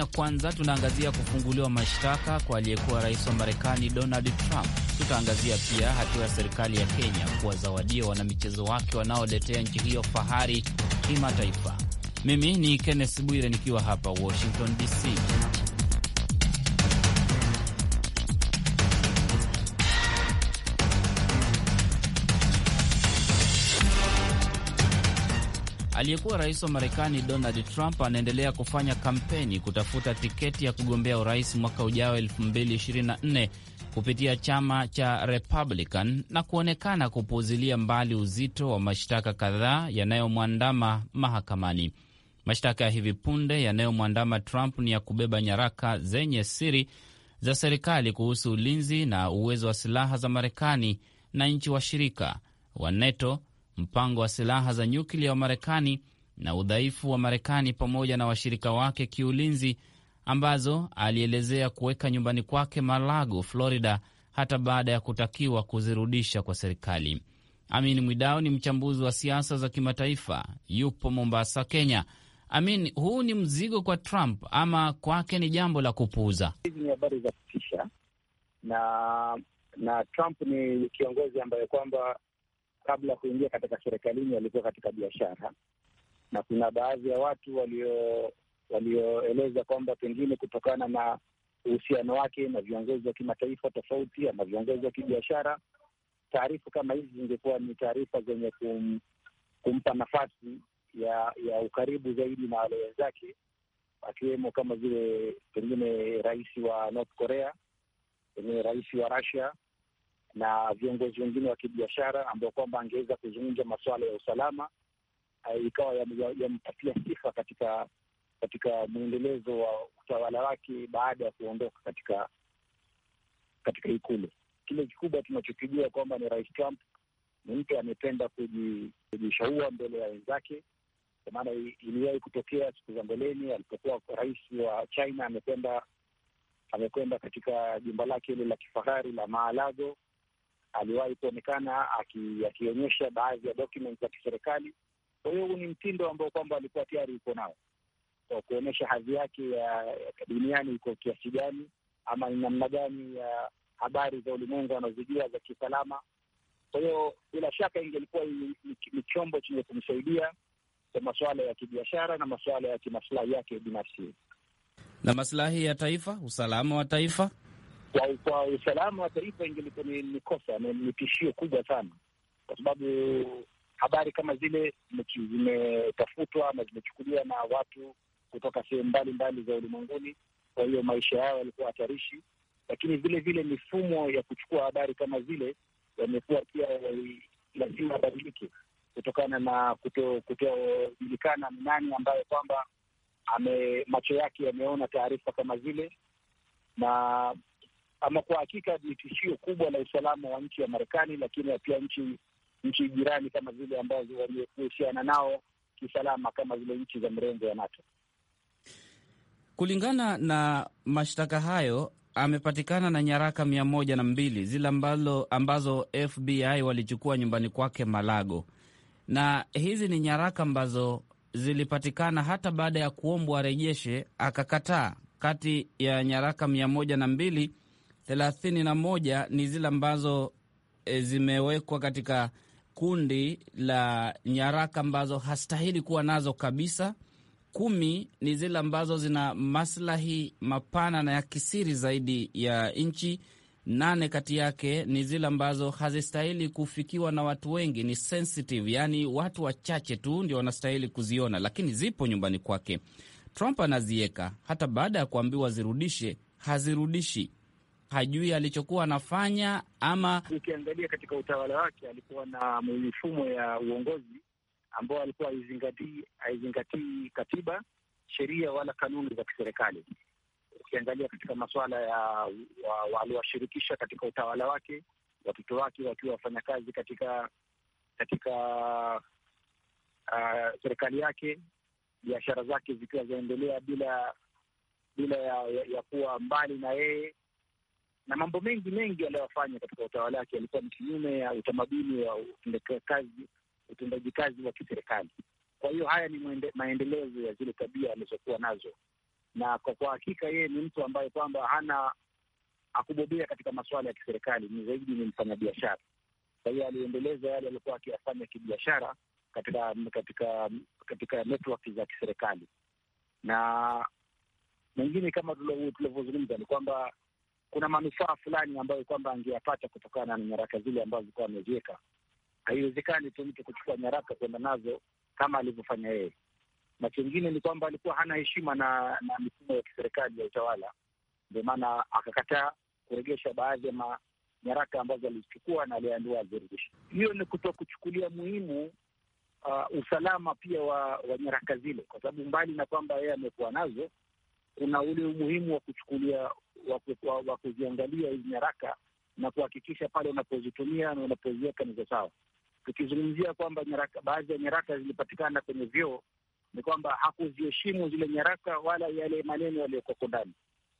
Kenya Kwanza tunaangazia kufunguliwa mashtaka kwa aliyekuwa rais wa Marekani Donald Trump. Tutaangazia pia hatua ya serikali ya Kenya kuwazawadia wanamichezo wake wanaoletea nchi hiyo fahari kimataifa. Mimi ni Kenneth Bwire nikiwa hapa Washington DC. Aliyekuwa rais wa Marekani Donald Trump anaendelea kufanya kampeni kutafuta tiketi ya kugombea urais mwaka ujao 2024 kupitia chama cha Republican na kuonekana kupuuzilia mbali uzito wa mashtaka kadhaa yanayomwandama mahakamani. Mashtaka ya hivi punde yanayomwandama Trump ni ya kubeba nyaraka zenye siri za serikali kuhusu ulinzi na uwezo wa silaha za Marekani na nchi washirika wa NATO mpango wa silaha za nyuklia wa Marekani na udhaifu wa Marekani pamoja na washirika wake kiulinzi, ambazo alielezea kuweka nyumbani kwake Malago, Florida, hata baada ya kutakiwa kuzirudisha kwa serikali. Amin Mwidao ni mchambuzi wa siasa za kimataifa, yupo Mombasa, Kenya. Amin, huu ni mzigo kwa Trump ama kwake ni jambo la kupuuza? Hizi ni habari za kutisha na na Trump ni kiongozi ambaye kwamba kabla ya kuingia katika serikalini walikuwa katika biashara, na kuna baadhi ya watu walio walioeleza kwamba pengine kutokana na uhusiano wake na viongozi wa kimataifa tofauti ama viongozi wa kibiashara, taarifa kama hizi zingekuwa ni taarifa zenye kum, kumpa nafasi ya ya ukaribu zaidi na wale wenzake, akiwemo kama vile pengine rais wa North Korea, pengine rais wa Russia na viongozi wengine wa kibiashara ambao kwamba angeweza kuzungumza masuala ya usalama eh, ikawa yamepatia sifa katika katika mwendelezo wa utawala wake baada ya kuondoka katika katika Ikulu. Kile kikubwa tunachokijua kwamba ni Rais Trump ni mtu amependa kujishaua mbele ya wenzake, kwa maana iliwahi kutokea siku za mbeleni alipokuwa rais wa China amekwenda amekwenda katika jumba lake ile la kifahari la Maalago aliwahi kuonekana akionyesha baadhi ya documents za kiserikali. Kwa hiyo huu ni mtindo ambao kwamba alikuwa tayari uko nao kwa kuonyesha hadhi yake ya duniani iko kiasi gani, ama ni namna gani ya habari za ulimwengu anazijua za kiusalama. Kwa hiyo bila shaka ingelikuwa ni chombo chenye kumsaidia kwa masuala ya kibiashara na masuala ya kimaslahi yake binafsi na maslahi ya taifa, usalama wa taifa kwa usalama wa taifa ingelikuwa ni kosa, ni tishio kubwa sana, kwa sababu habari kama zile zimetafutwa na zimechukuliwa na watu kutoka sehemu mbalimbali za ulimwenguni. Kwa hiyo maisha yao yalikuwa hatarishi, lakini vile vile mifumo ya kuchukua habari kama zile yamekuwa pia lazima badilike kutokana na kutojulikana ni nani ambaye kwamba ame macho yake yameona taarifa kama zile, na ama kwa hakika ni tishio kubwa la usalama wa nchi ya Marekani, lakini pia nchi nchi jirani kama zile ambazo waliohusiana nao kisalama kama zile nchi za mrengo ya NATO. Kulingana na mashtaka hayo, amepatikana na nyaraka mia moja na mbili zile ambazo, ambazo FBI walichukua nyumbani kwake Malago, na hizi ni nyaraka ambazo zilipatikana hata baada ya kuombwa arejeshe akakataa. Kati ya nyaraka mia moja na mbili thelathini na moja ni zile ambazo e, zimewekwa katika kundi la nyaraka ambazo hastahili kuwa nazo kabisa. Kumi ni zile ambazo zina maslahi mapana na ya kisiri zaidi ya nchi. Nane kati yake ni zile ambazo hazistahili kufikiwa na watu wengi, ni sensitive, yaani watu wachache tu ndio wanastahili kuziona, lakini zipo nyumbani kwake. Trump anaziweka hata baada ya kuambiwa zirudishe, hazirudishi hajui alichokuwa anafanya ama. Ukiangalia katika utawala wake alikuwa na mifumo ya uongozi ambao alikuwa haizingatii haizingatii katiba, sheria wala kanuni za kiserikali. Ukiangalia katika masuala ya waliwashirikisha wa katika utawala wake watoto wake wakiwa wafanyakazi katika katika uh, serikali yake, biashara zake zikiwa zaendelea bila bila ya, ya, ya kuwa mbali na yeye na mambo mengi mengi aliyofanya katika utawala wake alikuwa ni kinyume ya utamaduni wa utendekazi utendaji kazi wa kiserikali. Kwa hiyo haya ni maendelezo ya zile tabia alizokuwa nazo, na kwa kwa hakika yeye ni mtu ambaye kwamba hana akubobea katika masuala ya kiserikali, ni zaidi ni mfanyabiashara. Kwa hiyo aliendeleza yale aliokuwa akiyafanya kibiashara katika katika katika network za kiserikali, na mengine kama tulivyozungumza ni kwamba kuna manufaa fulani ambayo kwamba angeyapata kutokana na nyaraka zile ambazo alikuwa ameziweka. Haiwezekani tu mtu kuchukua nyaraka kwenda nazo kama alivyofanya yeye. Na chengine ni kwamba alikuwa hana heshima na na mifumo ya kiserikali ya utawala, ndio maana akakataa kuregesha baadhi ya nyaraka ambazo alizichukua na aliambiwa azirejeshe. Hiyo ni kuto kuchukulia muhimu uh, usalama pia wa, wa nyaraka zile, kwa sababu mbali na kwamba yeye amekuwa nazo kuna ule umuhimu wa kuchukulia wa kuziangalia hizi nyaraka na kuhakikisha pale unapozitumia na unapoziweka za sawa. Tukizungumzia kwamba baadhi ya nyaraka zilipatikana kwenye vyoo, ni kwamba hakuziheshimu zile nyaraka wala yale maneno yaliyokoko ndani.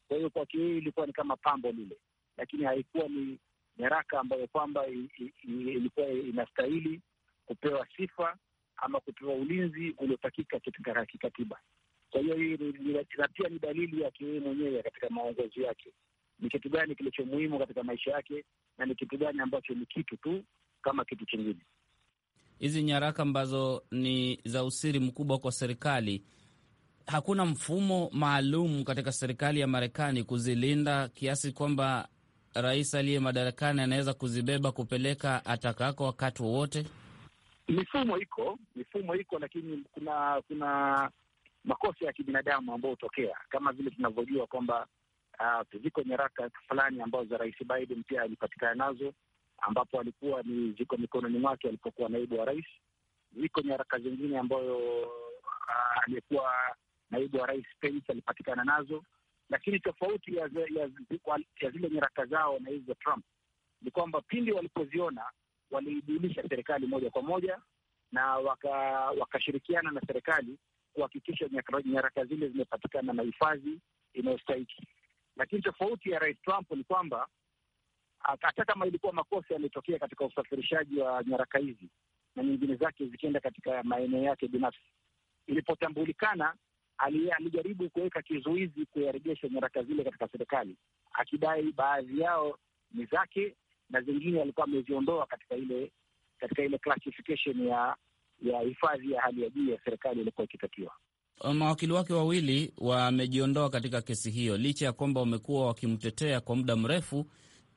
Kwa hiyo kwake hii ilikuwa ni kama pambo lile, lakini haikuwa ni nyaraka ambayo kwamba ilikuwa inastahili kupewa sifa ama kupewa ulinzi uliotakika katika kikatiba. Kwa hiyo hii na pia ni dalili yake yeye mwenyewe katika maongozi yake, ni kitu gani kilicho muhimu katika maisha yake na ni kitu gani ambacho ni kitu tu kama kitu kingine. Hizi nyaraka ambazo ni za usiri mkubwa kwa serikali, hakuna mfumo maalum katika serikali ya Marekani kuzilinda kiasi kwamba rais aliye madarakani anaweza kuzibeba kupeleka atakako wakati wowote. Mifumo iko, mifumo iko, lakini kuna kuna makosa ya kibinadamu ambayo hutokea kama vile tunavyojua kwamba uh, ziko nyaraka fulani ambazo za rais Biden pia alipatikana nazo, ambapo alikuwa ni ziko mikononi mwake alipokuwa naibu wa rais. Ziko nyaraka zingine ambayo uh, aliyekuwa naibu wa rais Pence alipatikana nazo, lakini tofauti ya, ya, ya, ya zile nyaraka zao na hizi za Trump ni kwamba pindi walipoziona waliijulisha serikali moja kwa moja na wakashirikiana waka na serikali kuhakikisha nyaraka zile zimepatikana na hifadhi inayostahiki. Lakini tofauti ya Rais Trump ni kwamba hata kama ilikuwa makosa yametokea katika usafirishaji wa nyaraka hizi na nyingine zake zikienda katika maeneo yake binafsi, ilipotambulikana alijaribu kuweka kizuizi kuyarejesha nyaraka zile katika serikali, akidai baadhi yao ni zake na zingine alikuwa ameziondoa katika ile katika ile classification ya ya hifadhi ya hali ya juu ya serikali ilikuwa ikitakiwa. Mawakili wake wawili wamejiondoa katika kesi hiyo, licha ya kwamba wamekuwa wakimtetea kwa muda mrefu.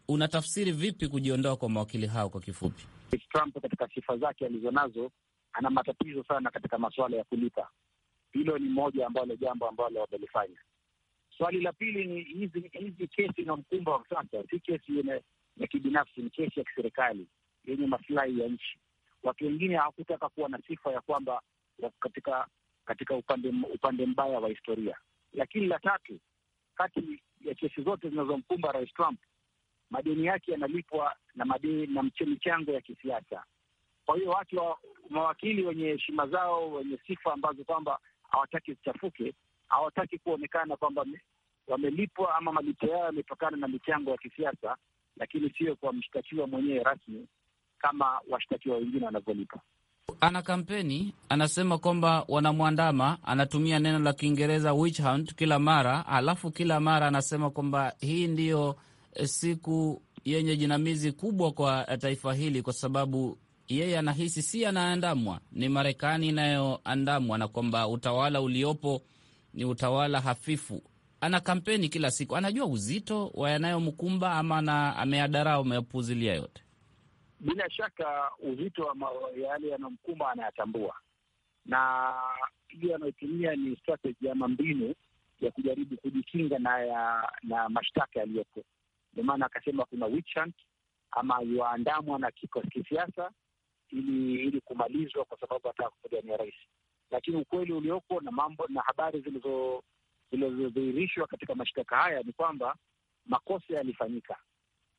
Unatafsiri vipi kujiondoa kwa mawakili hao? Kwa kifupi, Trump katika sifa zake alizonazo, ana matatizo sana katika masuala ya kulipa. Hilo ni moja ambalo jambo ambalo wamelifanya. Swali la pili ni hizi hizi kesi inamkumba wa sasa, si kesi ya kibinafsi, ni kesi ya kiserikali yenye masilahi ya nchi watu wengine hawakutaka kuwa na sifa ya kwamba katika katika upande upande mbaya wa historia. Lakini la tatu, kati ya kesi zote zinazomkumba Rais Trump, madeni yake yanalipwa na madeni na michango ya kisiasa. Kwa hiyo watu wa mawakili wenye heshima zao, wenye sifa ambazo kwamba hawataki zichafuke, hawataki kuonekana kwamba wamelipwa ama malipo yao yametokana na michango ya kisiasa, lakini sio kwa mshtakiwa mwenyewe rasmi kama washtakiwa wengine wanavyolipa. Ana kampeni anasema kwamba wanamwandama, anatumia neno la Kiingereza witch hunt kila mara, alafu kila mara anasema kwamba hii ndiyo eh, siku yenye jinamizi kubwa kwa eh, taifa hili, kwa sababu yeye anahisi si anaandamwa, ni Marekani inayoandamwa na kwamba utawala uliopo ni utawala hafifu. Ana kampeni kila siku, anajua uzito wa yanayomkumba ama ameadarau, amepuzilia yote bila shaka uzito wa yale yanamkumba anayatambua, na hiyo anayotumia ni strategy ama mbinu ya kujaribu kujikinga na ya, na mashtaka yaliyopo. Ndio maana akasema kuna witch hunt ama yuandamwa na kikosi kisiasa ili ili kumalizwa, kwa sababu anataka kupigania rais. Lakini ukweli uliopo na mambo na habari zilizodhihirishwa katika mashtaka haya ni kwamba makosa yalifanyika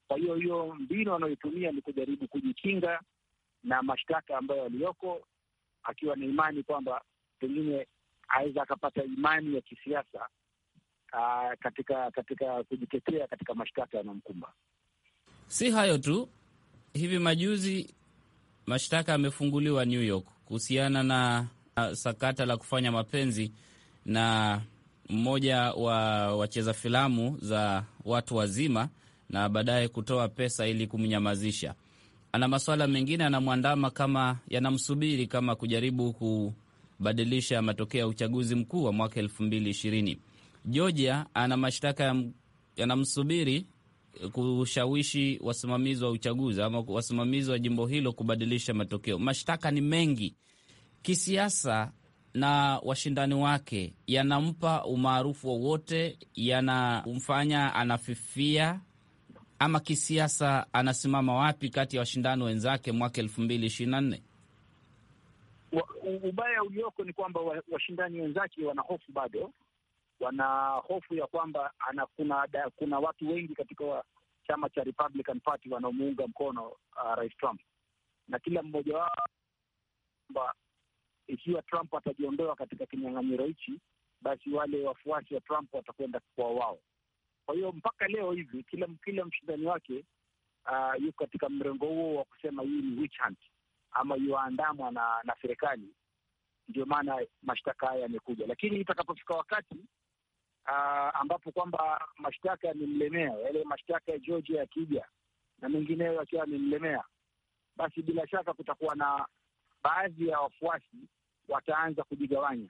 kwa hiyo hiyo mbinu wanayoitumia ni kujaribu kujikinga na mashtaka ambayo yaliyoko, akiwa na imani kwamba pengine aweza akapata imani ya kisiasa aa, katika katika kujitetea katika mashtaka yanayomkumba. Si hayo tu, hivi majuzi mashtaka yamefunguliwa New York kuhusiana na sakata la kufanya mapenzi na mmoja wa wacheza filamu za watu wazima na baadaye kutoa pesa ili kumnyamazisha. Ana maswala mengine anamwandama kama yanamsubiri kama kujaribu kubadilisha matokeo ya uchaguzi mkuu wa mwaka elfu mbili ishirini. Georgia ana mashtaka yanamsubiri eh, kushawishi wasimamizi wa uchaguzi ama wasimamizi wa jimbo hilo kubadilisha matokeo. Mashtaka ni mengi kisiasa, na washindani wake yanampa umaarufu wowote, yanamfanya anafifia ama kisiasa anasimama wapi kati ya washindani wenzake mwaka elfu mbili ishirini na nne? Ubaya ulioko ni kwamba washindani wenzake wana hofu bado, wana hofu ya kwamba ana, kuna, kuna watu wengi katika wa, chama cha Republican Party wanaomuunga mkono uh, Rais Trump na kila mmoja wao kwamba ikiwa Trump atajiondoa katika kinyang'anyiro hichi, basi wale wafuasi wa Trump watakwenda kwa wao kwa hiyo mpaka leo hivi kila kila mshindani wake uh, yuko katika mrengo huo wa kusema hii ni witch hunt ama yuandamwa na na serikali, ndio maana mashtaka haya yamekuja. Lakini itakapofika wakati uh, ambapo kwamba mashtaka yamemlemea, yale mashtaka ya Georgia yakija na mengineyo yakiwa yamemlemea, basi bila shaka kutakuwa na baadhi ya wafuasi wataanza kujigawanya.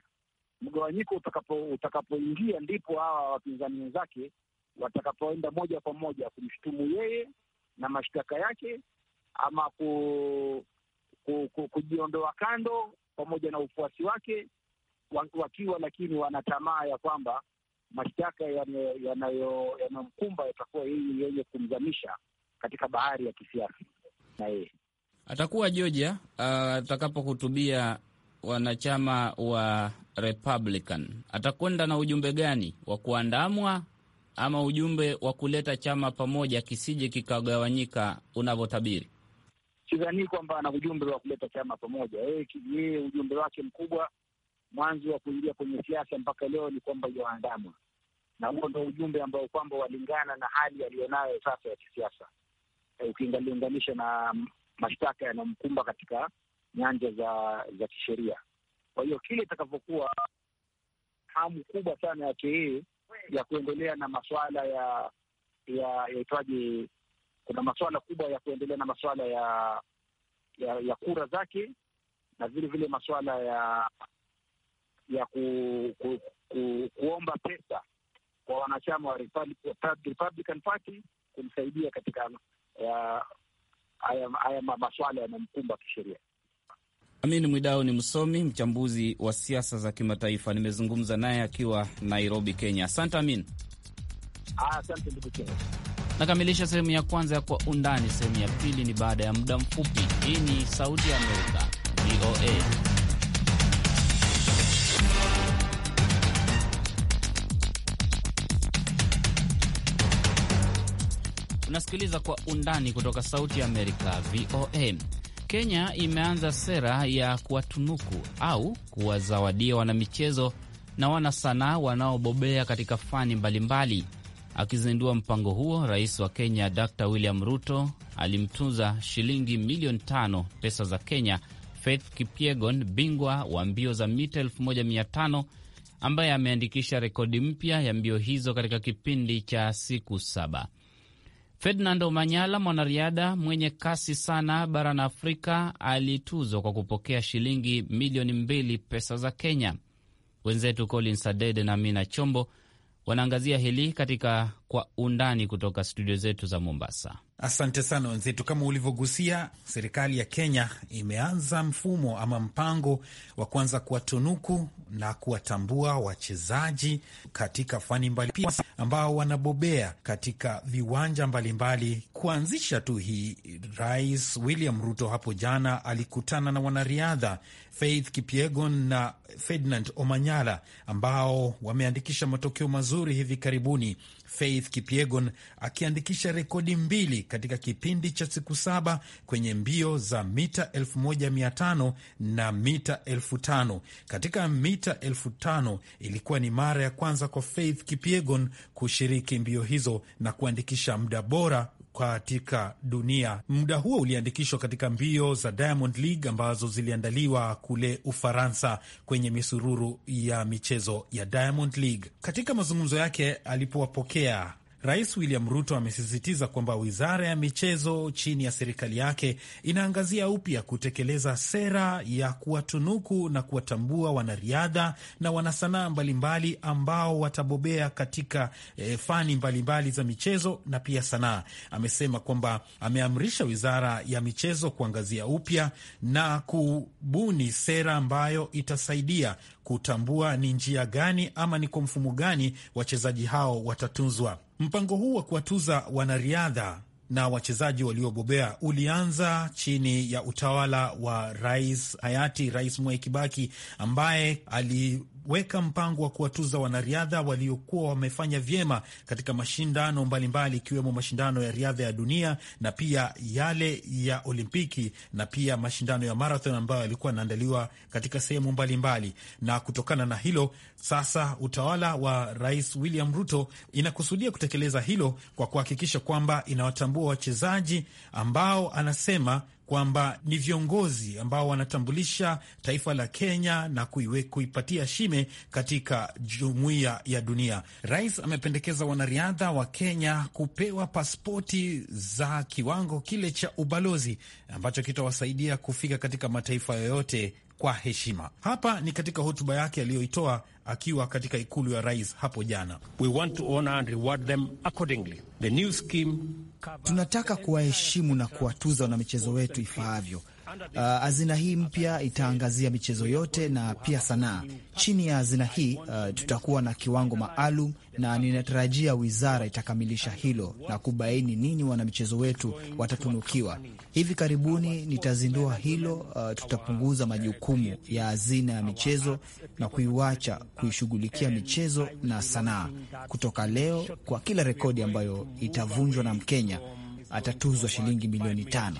Mgawanyiko utakapoingia utakapo ndipo hawa wapinzani wenzake watakapoenda moja kwa moja kumshutumu yeye na mashtaka yake ama ku, ku, ku, kujiondoa kando pamoja na ufuasi wake wakiwa lakini wana tamaa ya kwamba mashtaka yanayomkumba ya yatakuwa yeye yenye kumzamisha katika bahari ya kisiasa na yeye atakuwa Georgia ah, atakapohutubia uh, wanachama wa Republican atakwenda na ujumbe gani wa kuandamwa ama ujumbe wa kuleta chama pamoja kisije kikagawanyika unavyotabiri? Sidhani kwamba ana ujumbe wa kuleta chama pamoja. Yeye ujumbe wake mkubwa mwanzo wa kuingia kwenye siasa mpaka leo ni kwamba yaandamwa, na huo ndo ujumbe ambao kwamba walingana na hali aliyonayo sasa ya kisiasa, e, ukilinganisha na mashtaka yanayomkumba katika nyanja za za kisheria. Kwa hiyo kile itakavyokuwa hamu kubwa sana yake yeye ya kuendelea na masuala ya ya yaitwaje, kuna masuala kubwa ya kuendelea na masuala ya ya, ya kura zake na vile vile masuala ya ya ku, ku, ku, kuomba pesa kwa wanachama wa Republican Party kumsaidia katika haya masuala yanamkumba kisheria. Amin Mwidau ni msomi mchambuzi wa siasa za kimataifa, nimezungumza naye akiwa Nairobi, Kenya. Asante Amin. Asante ndugu Kenya. Nakamilisha sehemu ya kwanza ya Kwa Undani. Sehemu ya pili ni baada ya muda mfupi. Hii ni Sauti ya Amerika, VOA. Unasikiliza Kwa Undani kutoka Sauti ya Amerika, VOA. Kenya imeanza sera ya kuwatunuku au kuwazawadia wanamichezo na wanasanaa wanaobobea katika fani mbalimbali mbali. Akizindua mpango huo, rais wa Kenya Dr William Ruto alimtunza shilingi milioni tano pesa za Kenya Faith Kipyegon, bingwa wa mbio za mita 1500 ambaye ameandikisha rekodi mpya ya mbio hizo katika kipindi cha siku saba. Ferdinand Manyala, mwanariadha mwenye kasi sana barani Afrika, alituzwa kwa kupokea shilingi milioni mbili pesa za Kenya. Wenzetu Colin Sadede na Mina Chombo wanaangazia hili katika kwa undani kutoka studio zetu za Mombasa. Asante sana wenzetu. Kama ulivyogusia, serikali ya Kenya imeanza mfumo ama mpango wa kuanza kuwatunuku na kuwatambua wachezaji katika fani mbalimbali ambao wanabobea katika viwanja mbalimbali mbali. Kuanzisha tu hii, Rais William Ruto hapo jana alikutana na wanariadha Faith Kipyegon na Ferdinand Omanyala ambao wameandikisha matokeo mazuri hivi karibuni Faith Kipyegon akiandikisha rekodi mbili katika kipindi cha siku saba kwenye mbio za mita 1500 na mita 5000. Katika mita 5000 ilikuwa ni mara ya kwanza kwa Faith Kipyegon kushiriki mbio hizo na kuandikisha muda bora katika dunia. Muda huo uliandikishwa katika mbio za Diamond League ambazo ziliandaliwa kule Ufaransa kwenye misururu ya michezo ya Diamond League. Katika mazungumzo yake alipowapokea Rais William Ruto amesisitiza kwamba wizara ya michezo chini ya serikali yake inaangazia upya kutekeleza sera ya kuwatunuku na kuwatambua wanariadha na wanasanaa mbalimbali ambao watabobea katika e, fani mbalimbali mbali za michezo na pia sanaa. Amesema kwamba ameamrisha wizara ya michezo kuangazia upya na kubuni sera ambayo itasaidia kutambua ni njia gani ama ni kwa mfumo gani wachezaji hao watatunzwa. Mpango huu wa kuwatuza wanariadha na wachezaji waliobobea ulianza chini ya utawala wa rais hayati Rais Mwai Kibaki, ambaye ali kuweka mpango wa kuwatuza wanariadha waliokuwa wamefanya vyema katika mashindano mbalimbali ikiwemo mbali mashindano ya riadha ya dunia na pia yale ya Olimpiki na pia mashindano ya marathon ambayo yalikuwa yanaandaliwa katika sehemu mbalimbali. Na kutokana na hilo sasa, utawala wa Rais William Ruto inakusudia kutekeleza hilo kwa kuhakikisha kwamba inawatambua wachezaji ambao anasema kwamba ni viongozi ambao wanatambulisha taifa la Kenya na kuiwe, kuipatia shime katika jumuiya ya dunia. Rais amependekeza wanariadha wa Kenya kupewa paspoti za kiwango kile cha ubalozi ambacho kitawasaidia kufika katika mataifa yoyote kwa heshima. Hapa ni katika hotuba yake aliyoitoa akiwa katika ikulu ya rais hapo jana. We want to honor and reward them accordingly. The new scheme... tunataka kuwaheshimu na kuwatuza wanamichezo wetu ifaavyo. Uh, azina hii mpya itaangazia michezo yote na pia sanaa. Chini ya azina hii uh, tutakuwa na kiwango maalum na ninatarajia wizara itakamilisha hilo na kubaini nini wanamichezo wetu watatunukiwa. Hivi karibuni nitazindua hilo. Uh, tutapunguza majukumu ya hazina ya michezo na kuiwacha kuishughulikia michezo na sanaa. Kutoka leo, kwa kila rekodi ambayo itavunjwa na Mkenya atatuzwa shilingi milioni tano.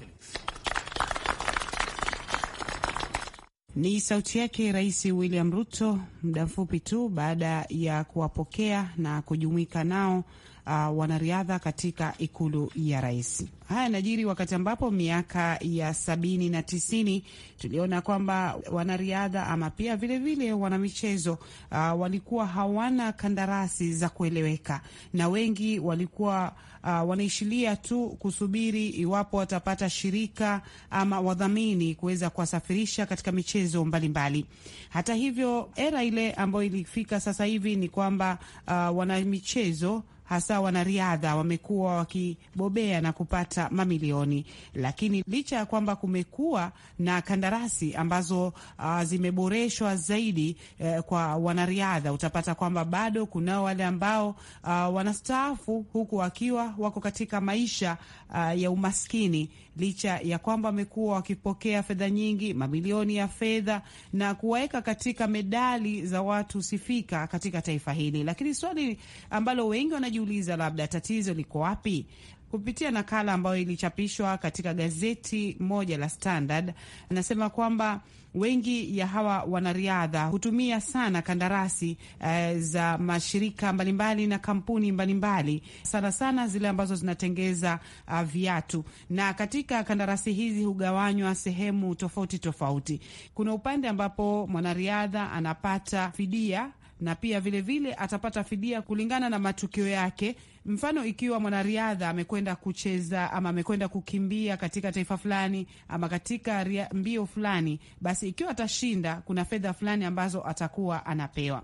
Ni sauti yake Rais William Ruto muda mfupi tu baada ya kuwapokea na kujumuika nao uh, wanariadha katika ikulu ya rais. Haya najiri wakati ambapo miaka ya sabini na tisini tuliona kwamba wanariadha ama pia vilevile wanamichezo uh, walikuwa hawana kandarasi za kueleweka na wengi walikuwa uh, wanaishilia tu kusubiri iwapo watapata shirika ama wadhamini kuweza kuwasafirisha katika michezo mbalimbali mbali. Hata hivyo era ile ambayo ilifika sasa hivi ni kwamba uh, wanamichezo hasa wanariadha wamekuwa wakibobea na kupata mamilioni, lakini licha ya kwamba kumekuwa na kandarasi ambazo uh, zimeboreshwa zaidi uh, kwa wanariadha, utapata kwamba bado kunao wale ambao uh, wanastaafu huku wakiwa wako katika maisha uh, ya umaskini, licha ya kwamba wamekuwa wakipokea fedha nyingi, mamilioni ya fedha na kuwaweka katika medali za watu sifika katika taifa hili, lakini swali ambalo wengi wana tunajiuliza labda tatizo liko wapi? Kupitia nakala ambayo ilichapishwa katika gazeti moja la Standard, anasema kwamba wengi ya hawa wanariadha hutumia sana kandarasi eh, za mashirika mbalimbali na kampuni mbalimbali, sana sana zile ambazo zinatengeza uh, viatu. Na katika kandarasi hizi hugawanywa sehemu tofauti tofauti. Kuna upande ambapo mwanariadha anapata fidia na pia vilevile vile atapata fidia kulingana na matukio yake. Mfano, ikiwa mwanariadha amekwenda kucheza ama amekwenda kukimbia katika taifa fulani ama katika ria, mbio fulani, basi ikiwa atashinda, kuna fedha fulani ambazo atakuwa anapewa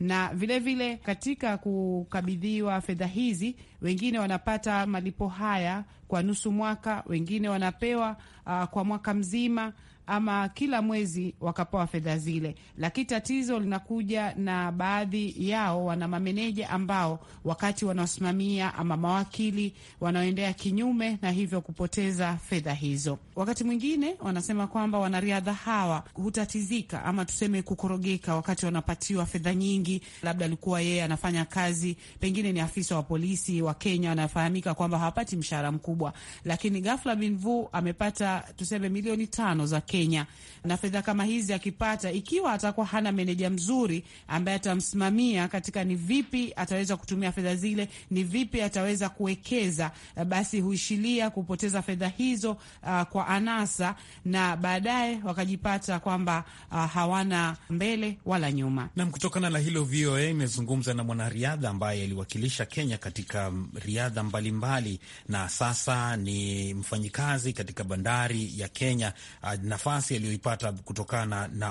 na vilevile vile katika kukabidhiwa fedha hizi, wengine wanapata malipo haya kwa nusu mwaka, wengine wanapewa uh, kwa mwaka mzima ama kila mwezi wakapewa fedha zile, lakini tatizo linakuja na baadhi yao wana mameneja ambao wakati wanaosimamia ama mawakili wanaoendea kinyume na hivyo kupoteza fedha hizo. Wakati mwingine wanasema kwamba wanariadha hawa hutatizika ama tuseme kukorogeka wakati wanapatiwa fedha nyingi. Labda alikuwa yeye anafanya kazi, pengine ni afisa wa polisi wa Kenya, wanafahamika kwamba hawapati mshahara mkubwa kubwa, lakini ghafla bin amepata tuseme milioni tano za Kenya, na fedha kama hizi akipata, ikiwa atakuwa hana meneja mzuri ambaye atamsimamia katika ni vipi ataweza kutumia fedha zile, ni vipi ataweza kuwekeza, eh, basi huishilia kupoteza fedha hizo uh, kwa anasa, na baadaye wakajipata kwamba uh, hawana mbele wala nyuma. Nam, kutokana na hilo, VOA imezungumza na mwanariadha ambaye aliwakilisha Kenya katika mm, riadha mbalimbali mbali, na sasa sasa ni mfanyikazi katika bandari ya Kenya, uh, nafasi aliyoipata kutokana na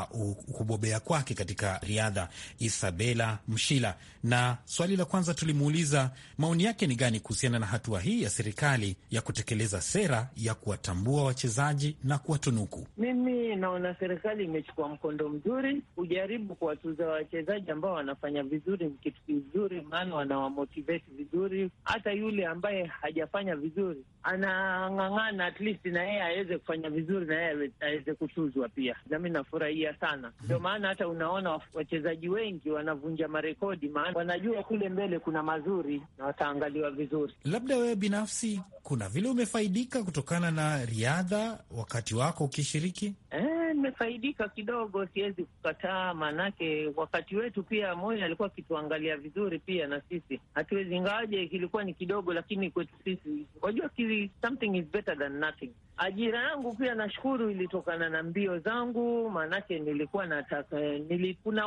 kubobea kwake katika riadha. Isabela Mshila, na swali la kwanza tulimuuliza maoni yake ni gani kuhusiana na hatua hii ya serikali ya kutekeleza sera ya kuwatambua wachezaji na kuwatunuku. Mimi naona serikali imechukua mkondo mzuri kujaribu kuwatuza wachezaji ambao wanafanya vizuri kitu kizuri, maana wanawamotivate vizuri, hata yule ambaye hajafanya vizuri anang'ang'ana at least na yeye aweze kufanya vizuri, na yeye aweze kutuzwa pia. Nami nafurahia sana, ndio maana hata unaona wachezaji wengi wanavunja marekodi, maana wanajua kule mbele kuna mazuri na wataangaliwa vizuri. Labda wewe binafsi kuna vile umefaidika kutokana na riadha wakati wako ukishiriki eh? nimefaidika kidogo, siwezi kukataa, maanake wakati wetu pia Moi alikuwa akituangalia vizuri pia na sisi hatuwezi, ingawaje kilikuwa ni kidogo, lakini kwetu sisi wajua, kili, something is better than nothing. Ajira yangu pia nashukuru ilitokana na mbio zangu, maanake nilikuwa nataka nili, kuna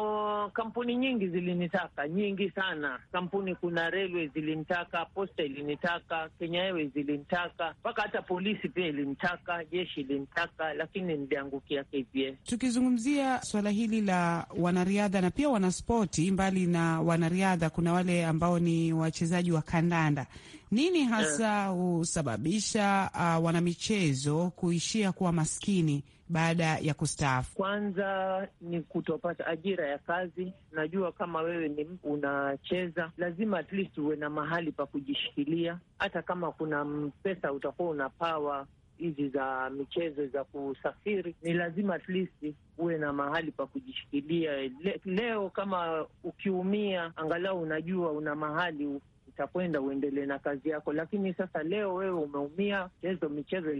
kampuni nyingi zilinitaka, nyingi sana kampuni. Kuna railway zilinitaka, posta ilinitaka, Kenya Airways zilinitaka, mpaka hata polisi pia ilinitaka, jeshi ilinitaka, lakini niliangukia pia. Tukizungumzia swala hili la wanariadha na pia wanaspoti, mbali na wanariadha, kuna wale ambao ni wachezaji wa kandanda. Nini hasa eh. husababisha uh, wanamichezo kuishia kuwa maskini baada ya kustaafu? Kwanza ni kutopata ajira ya kazi. Najua kama wewe ni unacheza, lazima at least uwe na mahali pa kujishikilia, hata kama kuna pesa utakuwa unapawa hizi za michezo za kusafiri, ni lazima at least uwe na mahali pa kujishikilia. Le, leo kama ukiumia, angalau unajua una mahali utakwenda uendelee na kazi yako, lakini sasa leo wewe umeumia, chezo michezo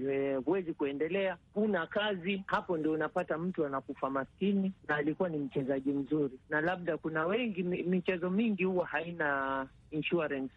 huwezi kuendelea, huna kazi. Hapo ndio unapata mtu anakufa maskini, na alikuwa ni mchezaji mzuri, na labda kuna wengi, michezo mingi huwa haina insurance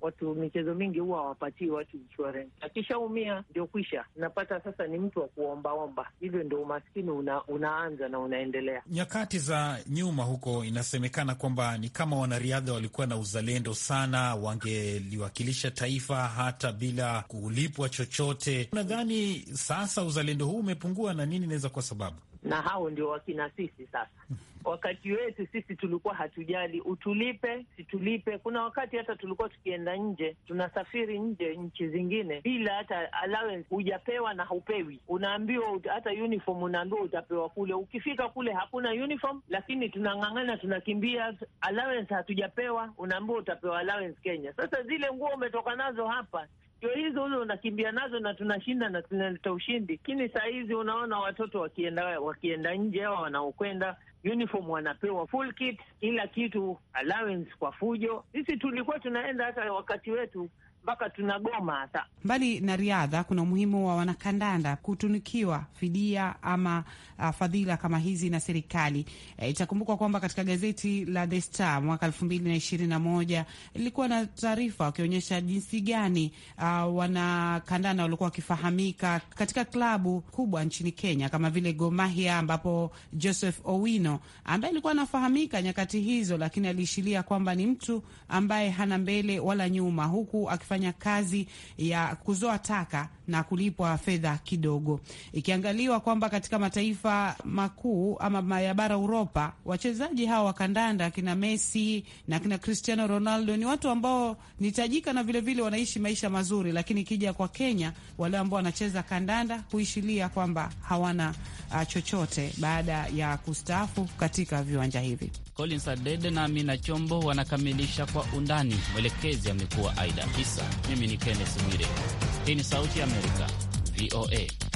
watu michezo mingi huwa hawapatii watu insurance, akishaumia ndio kwisha. Napata sasa ni mtu wa kuombaomba, hivyo ndio umaskini una, unaanza na unaendelea. Nyakati za nyuma huko, inasemekana kwamba ni kama wanariadha walikuwa na uzalendo sana, wangeliwakilisha taifa hata bila kulipwa chochote. Nadhani sasa uzalendo huu umepungua, na nini inaweza kuwa sababu, na hao ndio wakina sisi sasa hmm wakati wetu sisi tulikuwa hatujali utulipe situlipe. Kuna wakati hata tulikuwa tukienda nje, tunasafiri nje nchi zingine bila hata allowance, hujapewa na haupewi, unaambiwa hata uniform, unaambiwa utapewa kule. Ukifika kule hakuna uniform, lakini tunang'ang'ana, tunakimbia. Allowance hatujapewa, unaambiwa utapewa allowance Kenya. Sasa zile nguo umetoka nazo hapa ndio hizo huzo unakimbia nazo na tunashinda na tunaleta ushindi. Lakini saa hizi unaona watoto wakienda wakienda nje, hawa wanaokwenda uniform wanapewa full kit, kila kitu, allowance kwa fujo. Sisi tulikuwa tunaenda hata wakati wetu mpaka tunagoma hasa. Mbali na riadha, kuna umuhimu wa wanakandanda kutunikiwa fidia ama uh, fadhila kama hizi na serikali. E, itakumbukwa kwamba katika gazeti la The Star mwaka elfu mbili na ishirini na moja ilikuwa na taarifa wakionyesha jinsi gani uh, wanakandanda walikuwa wakifahamika katika klabu kubwa nchini Kenya kama vile Gor Mahia, ambapo Joseph Owino ambaye alikuwa anafahamika nyakati hizo, lakini aliishilia kwamba ni mtu ambaye hana mbele wala nyuma, huku akifanya kufanya kazi ya kuzoa taka na kulipwa fedha kidogo, ikiangaliwa kwamba katika mataifa makuu ama ya bara Uropa, wachezaji hawa wa kandanda akina Messi na akina Cristiano Ronaldo ni watu ambao ni tajika na vilevile vile wanaishi maisha mazuri, lakini ikija kwa Kenya, wale ambao wanacheza kandanda huishilia kwamba hawana uh, chochote baada ya kustaafu katika viwanja hivi. Collins Adede na Amina Chombo wanakamilisha kwa undani. Mwelekezi amekuwa Aida Isa, mimi ni Kenneth Mwire. Hii ni sauti ya Amerika, VOA.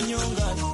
manyonga